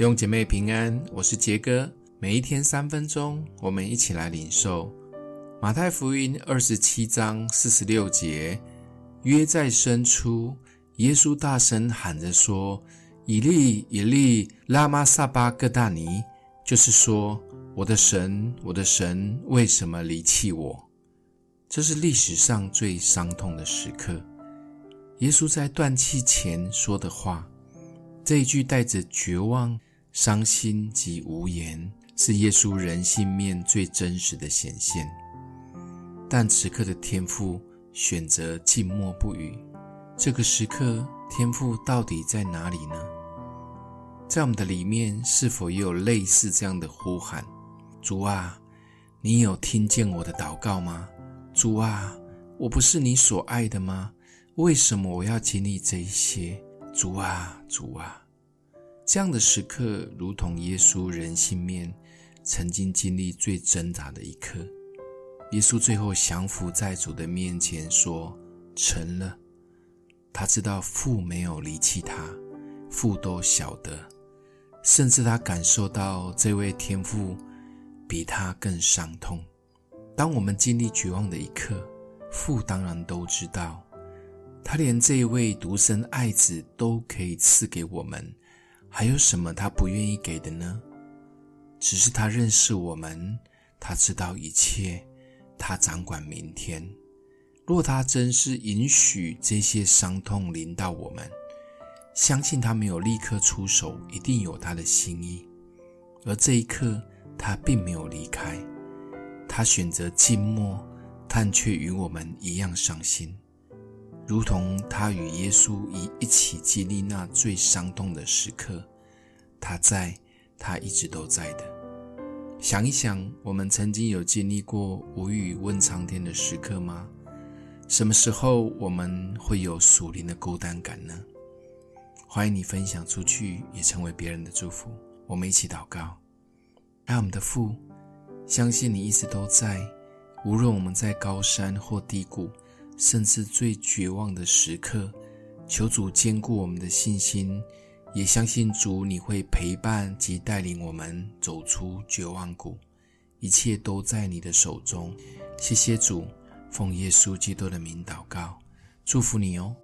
弟兄姐妹平安，我是杰哥。每一天三分鐘，我們一起來領受《馬太福音》二十七章四十六節：“約在申初，耶穌大聲喊着說：‘以利，以利，拉瑪撒巴各大尼！’就是說，我的神，我的神，為什麼離棄我？”這是歷史上最傷痛的時刻。耶穌在斷氣前說的話，這一句帶着絕望。傷心及無言，是耶穌人性面最真實的顯現。但此刻的天父選擇靜默不語。這個時刻，天父到底在哪裡呢？在我們的裡面，是否也有類似這樣的呼喊？主啊，你有聽見我的禱告嗎？主啊，我不是你所愛的嗎？為什麼我要經歷這一些？主啊，主啊！這樣的時刻，如同耶穌人性面曾經經歷最掙扎的一刻。耶穌最後降服在主的面前，說：“成了。”他知道父沒有離棄他，父都曉得，甚至他感受到這位天父比他更傷痛。當我們經歷絕望的一刻，父當然都知道，他連這一位獨生愛子都可以賜給我們。還有什麼他不願意給的呢？只是他認識我們，他知道一切，他掌管明天。若他真是允許這些傷痛臨到我們，相信他沒有立刻出手，一定有他的心意。而這一刻，他並沒有離開，他選擇靜默，但卻與我們一樣傷心。如同他與耶穌一一起經歷那最傷痛的時刻，他在，他一直都在的。想一想，我們曾經有經歷過無語問蒼天的時刻嗎？什麼時候我們會有屬靈的孤單感呢？歡迎你分享出去，也成為別人的祝福。我們一起禱告，愛我們的父，相信你一直都在，無論我們在高山或低谷。甚至最絕望的時刻，求主堅固我們的信心，也相信主，你會陪伴及帶領我們走出絕望谷。一切都在你的手中，謝謝主，奉耶穌基督的名禱告，祝福你哦。